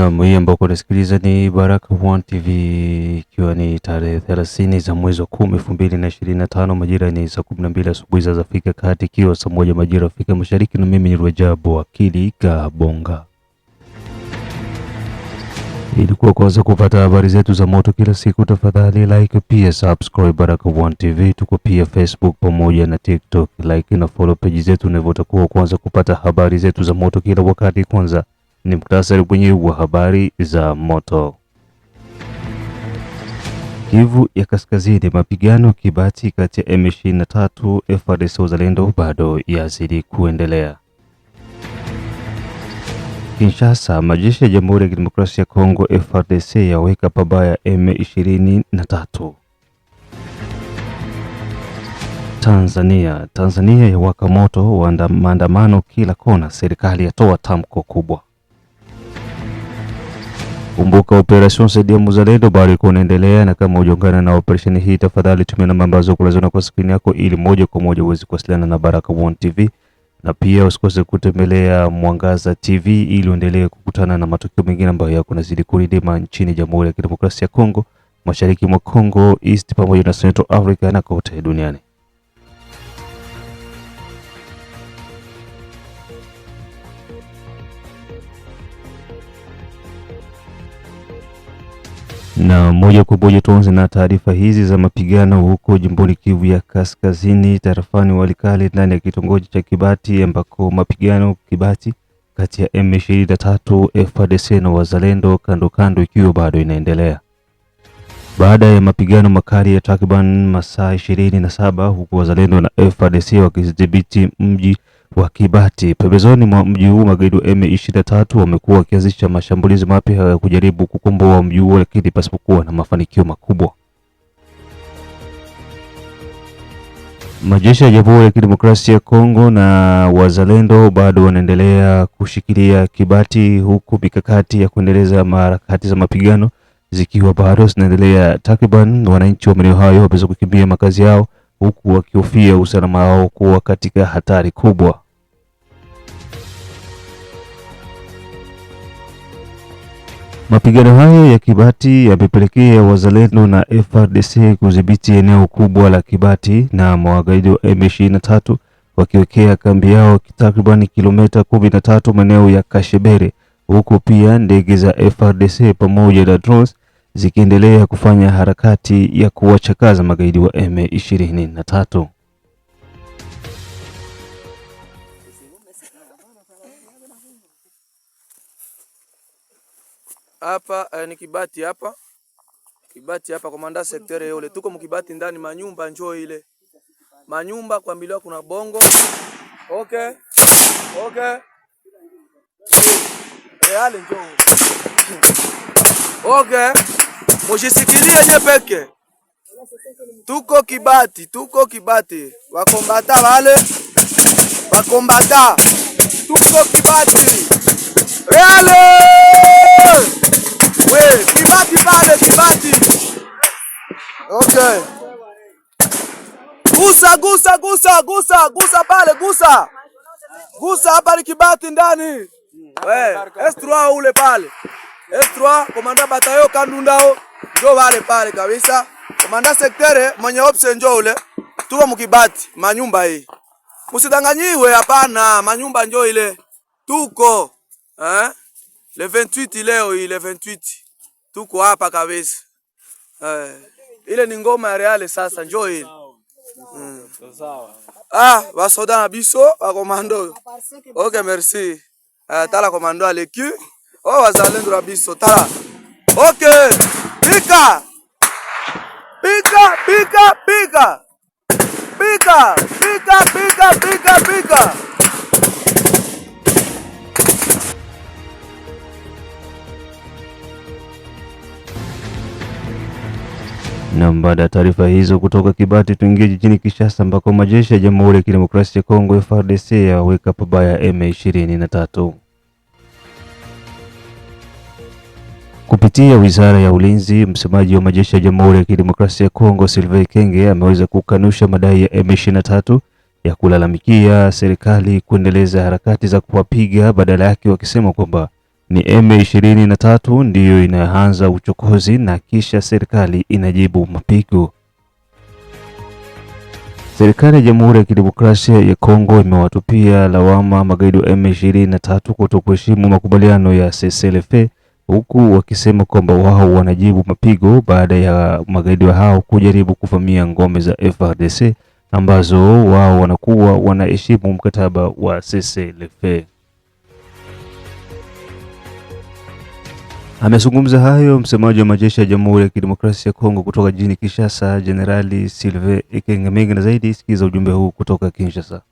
Naam, hii ambao unasikiliza ni Baraka One TV ikiwa ni tarehe 30 za mwezi wa 10 2025, majira ni saa 12 asubuhi za Afrika Kati, ikiwa saa moja majira Afrika Mashariki, na mimi ni Rajabu Akili Kabonga. Ilikuwa kwanza kupata habari zetu za moto kila siku, tafadhali like pia subscribe Baraka One TV. Tuko pia Facebook pamoja na TikTok, like na follow page zetu, ndivyo utakuwa kwanza kupata habari zetu za moto kila wakati. Kwanza ni muhtasari kwenye wa habari za moto. Kivu ya Kaskazini, mapigano Kibati kati ya M23 FARDC uzalendo bado yazidi kuendelea. Kinshasa, majeshi ya Jamhuri ya Kidemokrasia ya Kongo FARDC yaweka pabaya M23. Tanzania, Tanzania yawaka moto wa maandamano kila kona, serikali yatoa tamko kubwa. Kumbuka operation saidia muzalendo bado iko inaendelea, na kama hujaungana na operesheni hii, tafadhali tumia namba ambazo kunaziona kwa skrini yako ili moja kwa moja uweze kuwasiliana na baraka One TV, na pia usikose kutembelea Mwangaza TV ili uendelee kukutana na matukio mengine ambayo yako nazidi kuridima nchini Jamhuri ya Kidemokrasia ya Kongo, mashariki mwa Kongo, East pamoja na Central Africa na kote duniani. Na moja kwa moja tuanze na taarifa hizi za mapigano huko jimboni Kivu ya Kaskazini, tarafani Walikale, ndani ya kitongoji cha Kibati, ambako mapigano Kibati kati ya M23 FARDC na wazalendo kando kando ikiwa bado inaendelea baada ya mapigano makali ya takriban masaa ishirini na saba huku wazalendo na FARDC wakidhibiti mji wa Kibati. Pembezoni mwa mji huu, magaidi wa M23 wamekuwa wakianzisha mashambulizi mapya ya kujaribu kukomboa mji huo, lakini pasipokuwa na mafanikio makubwa. Majeshi ya Jamhuri ya Kidemokrasia ya Kongo na wazalendo bado wanaendelea kushikilia Kibati, huku mikakati ya kuendeleza harakati za mapigano zikiwa bado zinaendelea. Takriban wananchi wa maeneo hayo wameweza kukimbia makazi yao huku wakihofia usalama wao kuwa katika hatari kubwa. Mapigano hayo ya Kibati yamepelekea wazalendo na frdc kudhibiti eneo kubwa la Kibati na mawagaidi wa M23 wakiwekea kambi yao takriban kilomita 13 maeneo ya Kashebere, huku pia ndege za frdc pamoja na drones zikiendelea kufanya harakati ya kuwachakaza magaidi wa M23. Hapa eh, ni Kibati hapa. Kibati hapa komanda sekteri yule. Tuko mkibati ndani manyumba njoo ile. Manyumba kuambiliwa kuna bongo. Okay. Okay. Reale njoo. Okay. Musisikilie nye peke, tuko Kibati, tuko Kibati, wakombata wale wakombata, tuko Kibati reale we Kibati pale Kibati. Okay, gusa gusa gusa gusa gusa pale gusa gusa, hapa ni Kibati ndani. We S3 ule pale S3 komanda batayo kandundao Njoo wale pale kabisa. Komanda sektere mwenye opse njoo ule. Tuko mkibati manyumba hii. Msidanganyiwe hapana, manyumba njoo ile. Tuko eh? Le 28 leo ile 28. Tuko hapa kabisa. Eh. Ile ni ngoma ya reale sasa njoo ile. Hmm. Ah, basoda biso ba komando. Okay, merci. Eh, tala komando aleku. Oh, wazalendo biso tala. Okay. Pika pika pika pika pika pika pika pika pika. Na baada ya taarifa hizo kutoka Kibati, tuingie jijini kishasa ambako majeshi ya Jamhuri ya Kidemokrasia ya Kongo FARDC yaweka pabaya M23. Kupitia Wizara ya Ulinzi, msemaji wa majeshi ya Jamhuri ya Kidemokrasia ya Kongo, Sylvain Kenge, ameweza kukanusha madai ya M23 ya kulalamikia serikali kuendeleza harakati za kuwapiga, badala yake wakisema kwamba ni M23 ndiyo inaanza uchokozi na kisha serikali inajibu mapigo. Serikali ya Jamhuri ya Kidemokrasia ya Kongo imewatupia lawama magaidi wa M23 kutokuheshimu makubaliano ya CCLF huku wakisema kwamba wao wanajibu mapigo baada ya magaidi wa hao kujaribu kuvamia ngome za FARDC ambazo wao wanakuwa wanaheshimu mkataba wa CCLF. Amezungumza hayo msemaji wa majeshi ya Jamhuri ya Kidemokrasia ya Kongo kutoka jijini Kinshasa, Jenerali Silve Ikengamenge. Na zaidi sikiza ujumbe huu kutoka Kinshasa.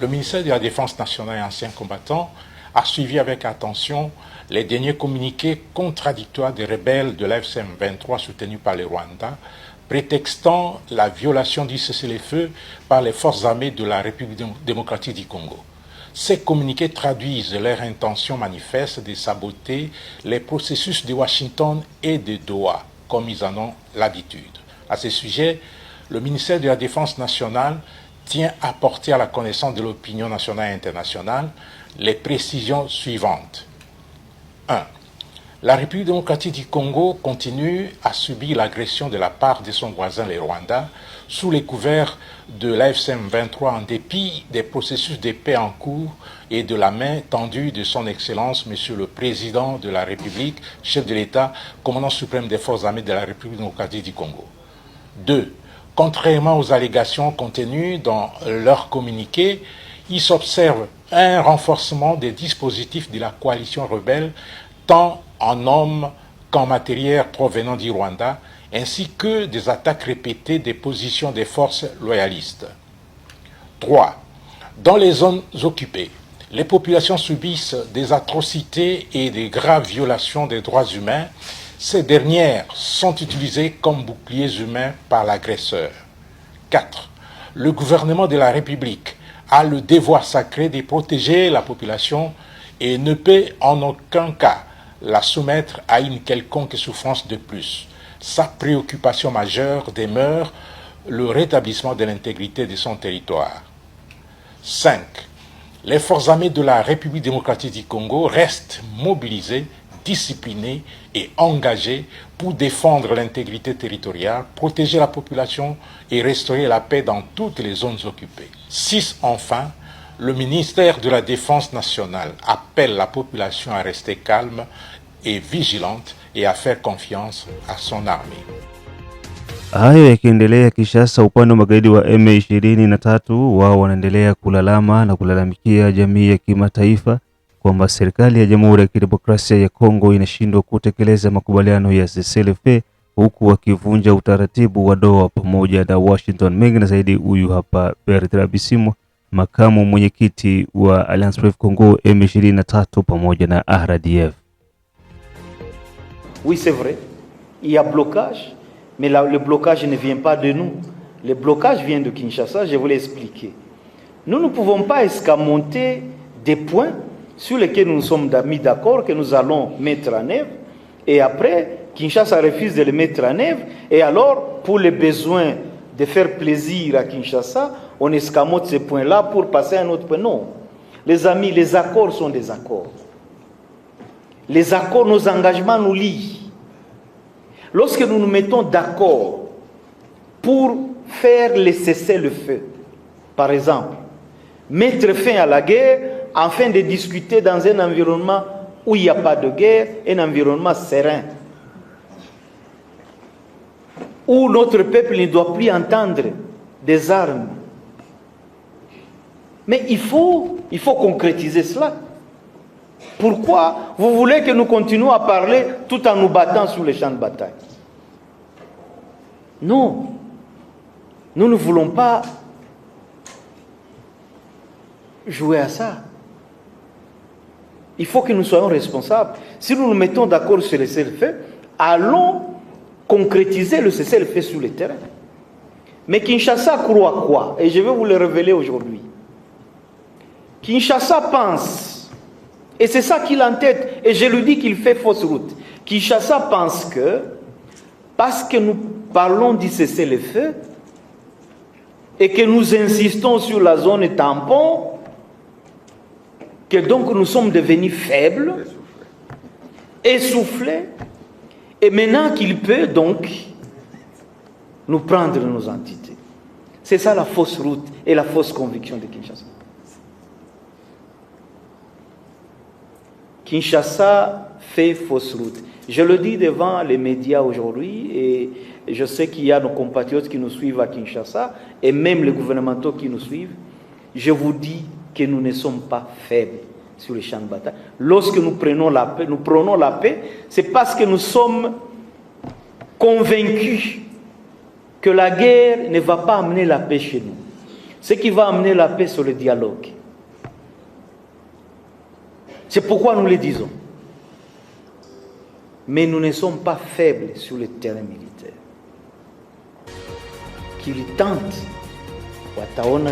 Le ministère de la Défense nationale et anciens combattants a suivi avec attention les derniers communiqués contradictoires des rebelles de lfcm 23 soutenus par les Rwandais, prétextant la violation du cessez-le-feu par les forces armées de la République démocratique du Congo. Ces communiqués traduisent leur intention manifeste de saboter les processus de Washington et de Doha, comme ils en ont l'habitude. À ce sujet, le ministère de la Défense nationale tient à porter à la connaissance de l'opinion nationale et internationale les précisions suivantes. 1. La République démocratique du Congo continue à subir l'agression de la part de son voisin le Rwanda sous les couverts de l'AFCM 23 en dépit des processus de paix en cours et de la main tendue de son Excellence Monsieur le Président de la République, chef de l'État, commandant suprême des forces armées de la République démocratique du Congo. 2. Contrairement aux allégations contenues dans leur communiqué, il s'observe un renforcement des dispositifs de la coalition rebelle, tant en hommes qu'en matériel provenant du Rwanda, ainsi que des attaques répétées des positions des forces loyalistes. 3. Dans les zones occupées, les populations subissent des atrocités et des graves violations des droits humains. Ces dernières sont utilisées comme boucliers humains par l'agresseur. 4. Le gouvernement de la République a le devoir sacré de protéger la population et ne peut en aucun cas la soumettre à une quelconque souffrance de plus. Sa préoccupation majeure demeure le rétablissement de l'intégrité de son territoire. 5. Les forces armées de la République démocratique du Congo restent mobilisées disciplinés et engagés pour défendre l'intégrité territoriale, protéger la population et restaurer la paix dans toutes les zones occupées. Six, enfin, le ministère de la Défense nationale appelle la population à rester calme et vigilante et à faire confiance à son armée. kwamba serikali ya Jamhuri ya Kidemokrasia ya Kongo inashindwa kutekeleza makubaliano ya CCLF huku wakivunja utaratibu wa Doha pamoja na Washington. Mengi na zaidi, huyu hapa Bertrand Bisimwa, makamu mwenyekiti wa Alliance Fleuve Congo M23 pamoja na RDF. Oui, c'est vrai. Il y a blocage, mais la, le blocage ne vient pas de nous. Le blocage vient de Kinshasa, je vous l'ai expliqué. Nous ne pouvons pas escamonter des points sur lesquels nous sommes mis d'accord, que nous allons mettre en œuvre, et après, Kinshasa refuse de les mettre en œuvre, et alors, pour les besoins de faire plaisir à Kinshasa, on escamote ce point-là pour passer à un autre point. Non. Les amis, les accords sont des accords. Les accords, nos engagements nous lient. Lorsque nous nous mettons d'accord pour faire les cesser le feu, par exemple, mettre fin à la guerre, afin de discuter dans un environnement où il n'y a pas de guerre, un environnement serein, où notre peuple ne doit plus entendre des armes. Mais il faut, il faut concrétiser cela. Pourquoi vous voulez que nous continuions à parler tout en nous battant sur les champs de bataille Non. Nous ne voulons pas jouer à ça. Il faut que nous soyons responsables. Si nous nous mettons d'accord sur le cessez-le-feu, allons concrétiser le cessez-le-feu sur le terrain. Mais Kinshasa croit quoi Et je vais vous le révéler aujourd'hui. Kinshasa pense, et c'est ça qu'il en tête, et je lui dis qu'il fait fausse route. Kinshasa pense que, parce que nous parlons du cessez-le-feu, et que nous insistons sur la zone tampon, donc nous sommes devenus faibles, essoufflés, et maintenant qu'il peut donc nous prendre nos entités. C'est ça la fausse route et la fausse conviction de Kinshasa. Kinshasa fait fausse route. Je le dis devant les médias aujourd'hui et je sais qu'il y a nos compatriotes qui nous suivent à Kinshasa et même les gouvernementaux qui nous suivent. Je vous dis que nous ne sommes pas faibles sur le champ de bataille. Lorsque nous prenons la paix, nous prenons la paix, c'est parce que nous sommes convaincus que la guerre ne va pas amener la paix chez nous. Ce qui va amener la paix, c'est le dialogue. C'est pourquoi nous le disons. Mais nous ne sommes pas faibles sur le terrain militaire. Qu'il tente, Wataona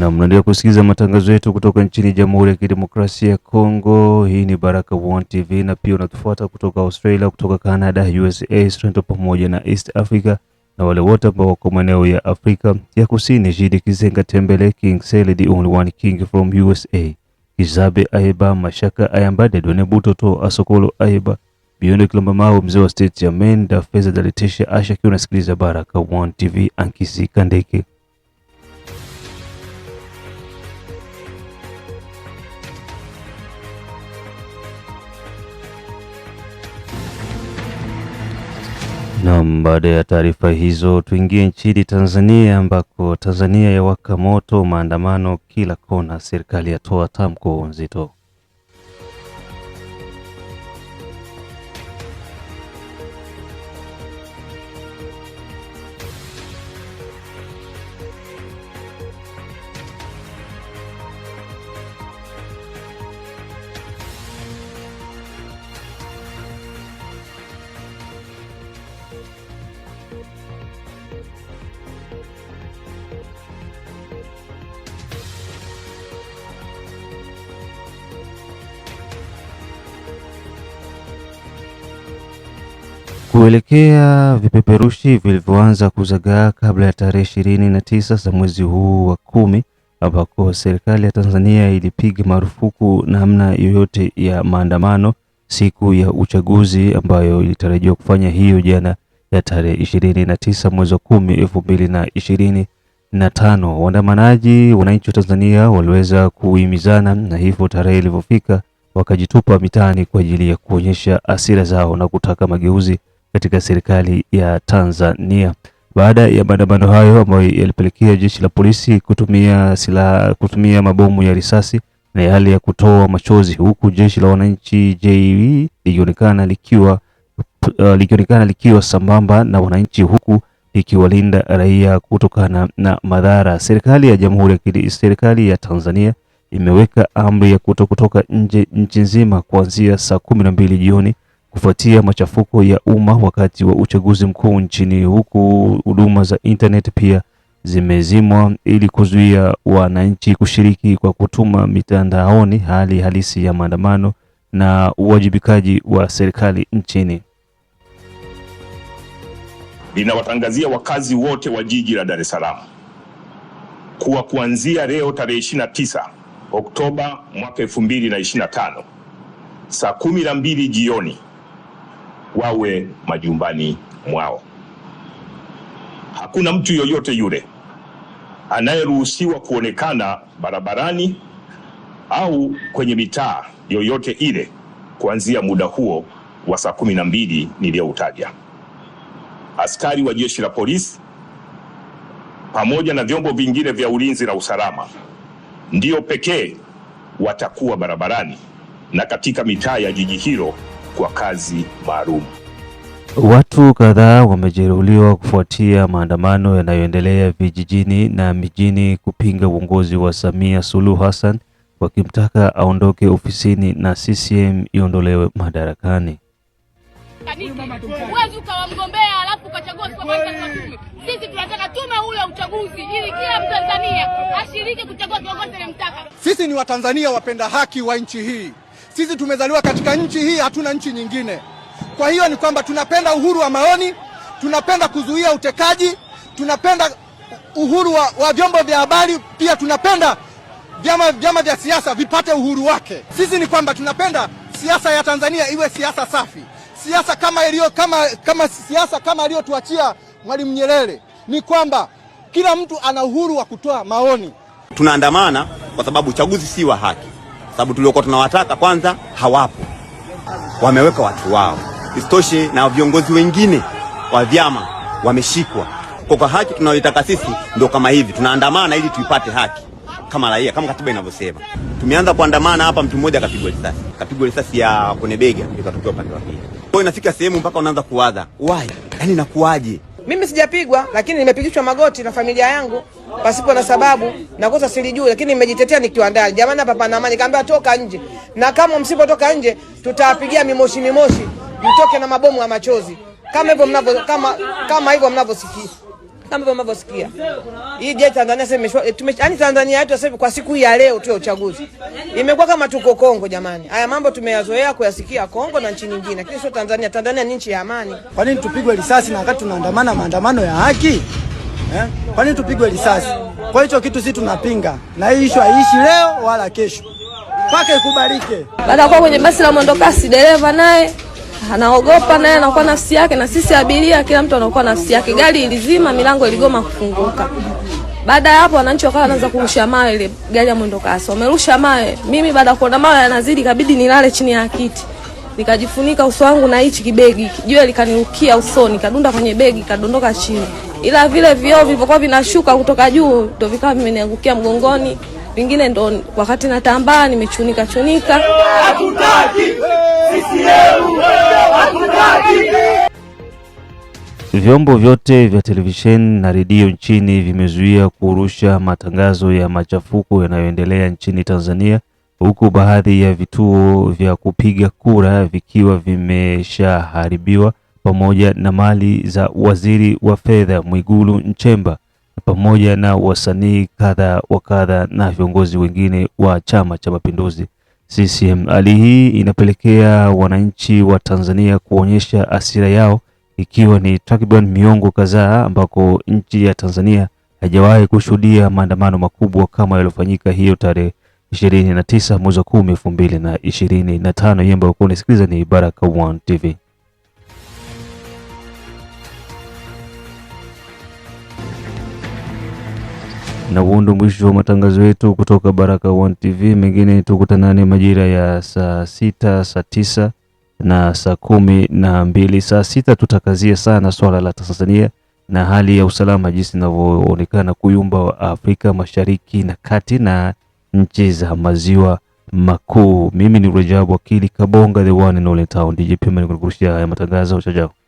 na mnaendelea kusikiliza matangazo yetu kutoka nchini Jamhuri ya Kidemokrasia ya Kongo. Hii ni Baraka One TV, na pia unatufuata kutoka Australia, kutoka Canada, USA, Toronto pamoja na East Africa, na wale wote ambao wako maeneo ya Afrika ya Kusini. Jidi Kizenga Tembele, King Sele, the only one king from USA, Kizabe Aiba, Mashaka Ayambade, Done Butoto, Asokolo Aiba, Biondo Kilomba Mawe, mzee wa state ya Menda Feza Daletisha Asha, kiwa unasikiliza Baraka One TV, Ankisi Kandeke Baada ya taarifa hizo, tuingie nchini Tanzania ambako Tanzania yawaka moto maandamano kila kona, serikali yatoa tamko nzito. Kuelekea vipeperushi vilivyoanza kuzagaa kabla ya tarehe ishirini na tisa za mwezi huu wa kumi ambako serikali ya Tanzania ilipiga marufuku namna yoyote ya maandamano siku ya uchaguzi ambayo ilitarajiwa kufanya hiyo jana ya tarehe ishirini na tisa mwezi wa kumi elfu mbili na ishirini na tano. Waandamanaji wananchi wa Tanzania waliweza kuhimizana na hivyo tarehe ilivyofika wakajitupa mitaani kwa ajili ya kuonyesha hasira zao na kutaka mageuzi katika serikali ya Tanzania baada ya maandamano hayo ambayo yalipelekea jeshi la polisi kutumia silaha, kutumia mabomu ya risasi na hali ya kutoa machozi, huku jeshi la wananchi JW e e likionekana likiwa uh, likionekana likiwa sambamba na wananchi, huku likiwalinda raia kutokana na madhara. Serikali ya Jamhuri ya serikali ya Tanzania imeweka amri ya kuto kutoka nje nchi nzima kuanzia saa kumi na mbili jioni kufuatia machafuko ya umma wakati wa uchaguzi mkuu nchini, huku huduma za internet pia zimezimwa ili kuzuia wananchi kushiriki kwa kutuma mitandaoni hali halisi ya maandamano na uwajibikaji wa serikali nchini. Ninawatangazia wakazi wote wa jiji la Dar es Salaam kuwa kuanzia leo tarehe 29 Oktoba mwaka 2025 saa kumi na mbili jioni wawe majumbani mwao. Hakuna mtu yoyote yule anayeruhusiwa kuonekana barabarani au kwenye mitaa yoyote ile kuanzia muda huo wa saa kumi na mbili niliyoutaja. Askari wa jeshi la polisi pamoja na vyombo vingine vya ulinzi na usalama ndio pekee watakuwa barabarani na katika mitaa ya jiji hilo kwa kazi maalum. Watu kadhaa wamejeruhiwa kufuatia maandamano yanayoendelea vijijini na mijini kupinga uongozi wa Samia Suluhu Hassan wakimtaka aondoke ofisini na CCM iondolewe madarakani. Huwezi ukawa mgombea alafu ukachagua kiongozi. Sisi tunataka tume ya uchaguzi ili kila Mtanzania ashiriki kuchagua kiongozi anayemtaka. Sisi ni Watanzania wapenda haki wa nchi hii. Sisi tumezaliwa katika nchi hii, hatuna nchi nyingine. Kwa hiyo ni kwamba tunapenda uhuru wa maoni, tunapenda kuzuia utekaji, tunapenda uhuru wa, wa vyombo vya habari, pia tunapenda vyama, vyama vya siasa vipate uhuru wake. Sisi ni kwamba tunapenda siasa ya Tanzania iwe siasa safi, siasa kama iliyo kama, kama siasa kama aliyotuachia Mwalimu Nyerere, ni kwamba kila mtu ana uhuru wa kutoa maoni. Tunaandamana kwa sababu uchaguzi si wa haki sababu tuliokuwa tunawataka kwanza hawapo, wameweka watu wao. Isitoshe na viongozi wengine wa vyama wameshikwa. Kwa kwa haki tunayoitaka sisi ndio kama hivi, tunaandamana ili tuipate haki kama raia, kama katiba inavyosema. Tumeanza kuandamana hapa, mtu mmoja akapigwa risasi, akapigwa risasi ya kwenye bega, ikatokea upande wa pili. Kwa hiyo inafika sehemu mpaka unaanza kuwaza why, yani inakuwaje? Mimi sijapigwa, lakini nimepigishwa magoti na familia yangu pasipo na sababu, na kosa silijui, lakini nimejitetea nikiwa ndani. Jamani, hapa pana amani. Kaambia toka nje, na kama msipotoka nje tutawapigia mimoshi, mimoshi mtoke na mabomu ya machozi, kama hivyo mnavyo, kama kama hivyo mnavyosikia kama vile mnavyosikia hii je, Tanzania sasa imeshwa eh, yani Tanzania yetu sasa kwa siku ya leo tu ya uchaguzi imekuwa kama tuko Kongo. Jamani, haya mambo tumeyazoea kuyasikia Kongo na nchi nyingine, lakini sio Tanzania. Tanzania ni nchi ya amani. Kwa nini tupigwe risasi na wakati tunaandamana maandamano ya haki eh? Kwa nini tupigwe risasi? Kwa hicho kitu sisi tunapinga, na hii issue haiishi leo wala kesho, mpaka ikubalike. Baada ya kuwa kwenye basi la mwendokasi, dereva naye anaogopa naye anakuwa nafsi yake, na sisi abiria, kila mtu anakuwa nafsi yake. Gari ilizima, milango iligoma kufunguka. Baada ya hapo, wananchi wakawa wanaanza kurusha mawe, ile gari ya mwendo kasi wamerusha mawe. Mimi baada ya kuona mawe yanazidi, kabidi nilale chini ya kiti, nikajifunika uso wangu na hichi kibegi, jua likanirukia usoni, kadunda kwenye begi, kadondoka chini, ila vile vioo vilivyokuwa vinashuka kutoka juu ndio vikawa vimeniangukia mgongoni vingine ndo wakati natambaa nimechunika chunika. Vyombo vyote vya televisheni na redio nchini vimezuia kurusha matangazo ya machafuko yanayoendelea nchini Tanzania, huku baadhi ya vituo vya kupiga kura vikiwa vimeshaharibiwa pamoja na mali za waziri wa fedha Mwigulu Nchemba pamoja na wasanii kadha wa kadha na viongozi wengine wa Chama cha Mapinduzi CCM. Hali hii inapelekea wananchi wa Tanzania kuonyesha hasira yao ikiwa ni takriban miongo kadhaa ambako nchi ya Tanzania haijawahi kushuhudia maandamano makubwa kama yaliyofanyika hiyo tarehe ishirini na tisa mwezi wa kumi elfu mbili na ishirini na tano. Hii ambayo unasikiliza ni Baraka One TV. na huo mwisho wa matangazo yetu kutoka Baraka One TV. Mengine tukutanane majira ya saa sita, saa tisa na saa kumi na mbili. Saa sita tutakazia sana swala la Tanzania na hali ya usalama jinsi inavyoonekana kuyumba Afrika Mashariki na Kati na nchi za maziwa makuu. Mimi ni Rajabu Akili Kabonga, the one and only town DJP, nikurushia haya matangazo chao.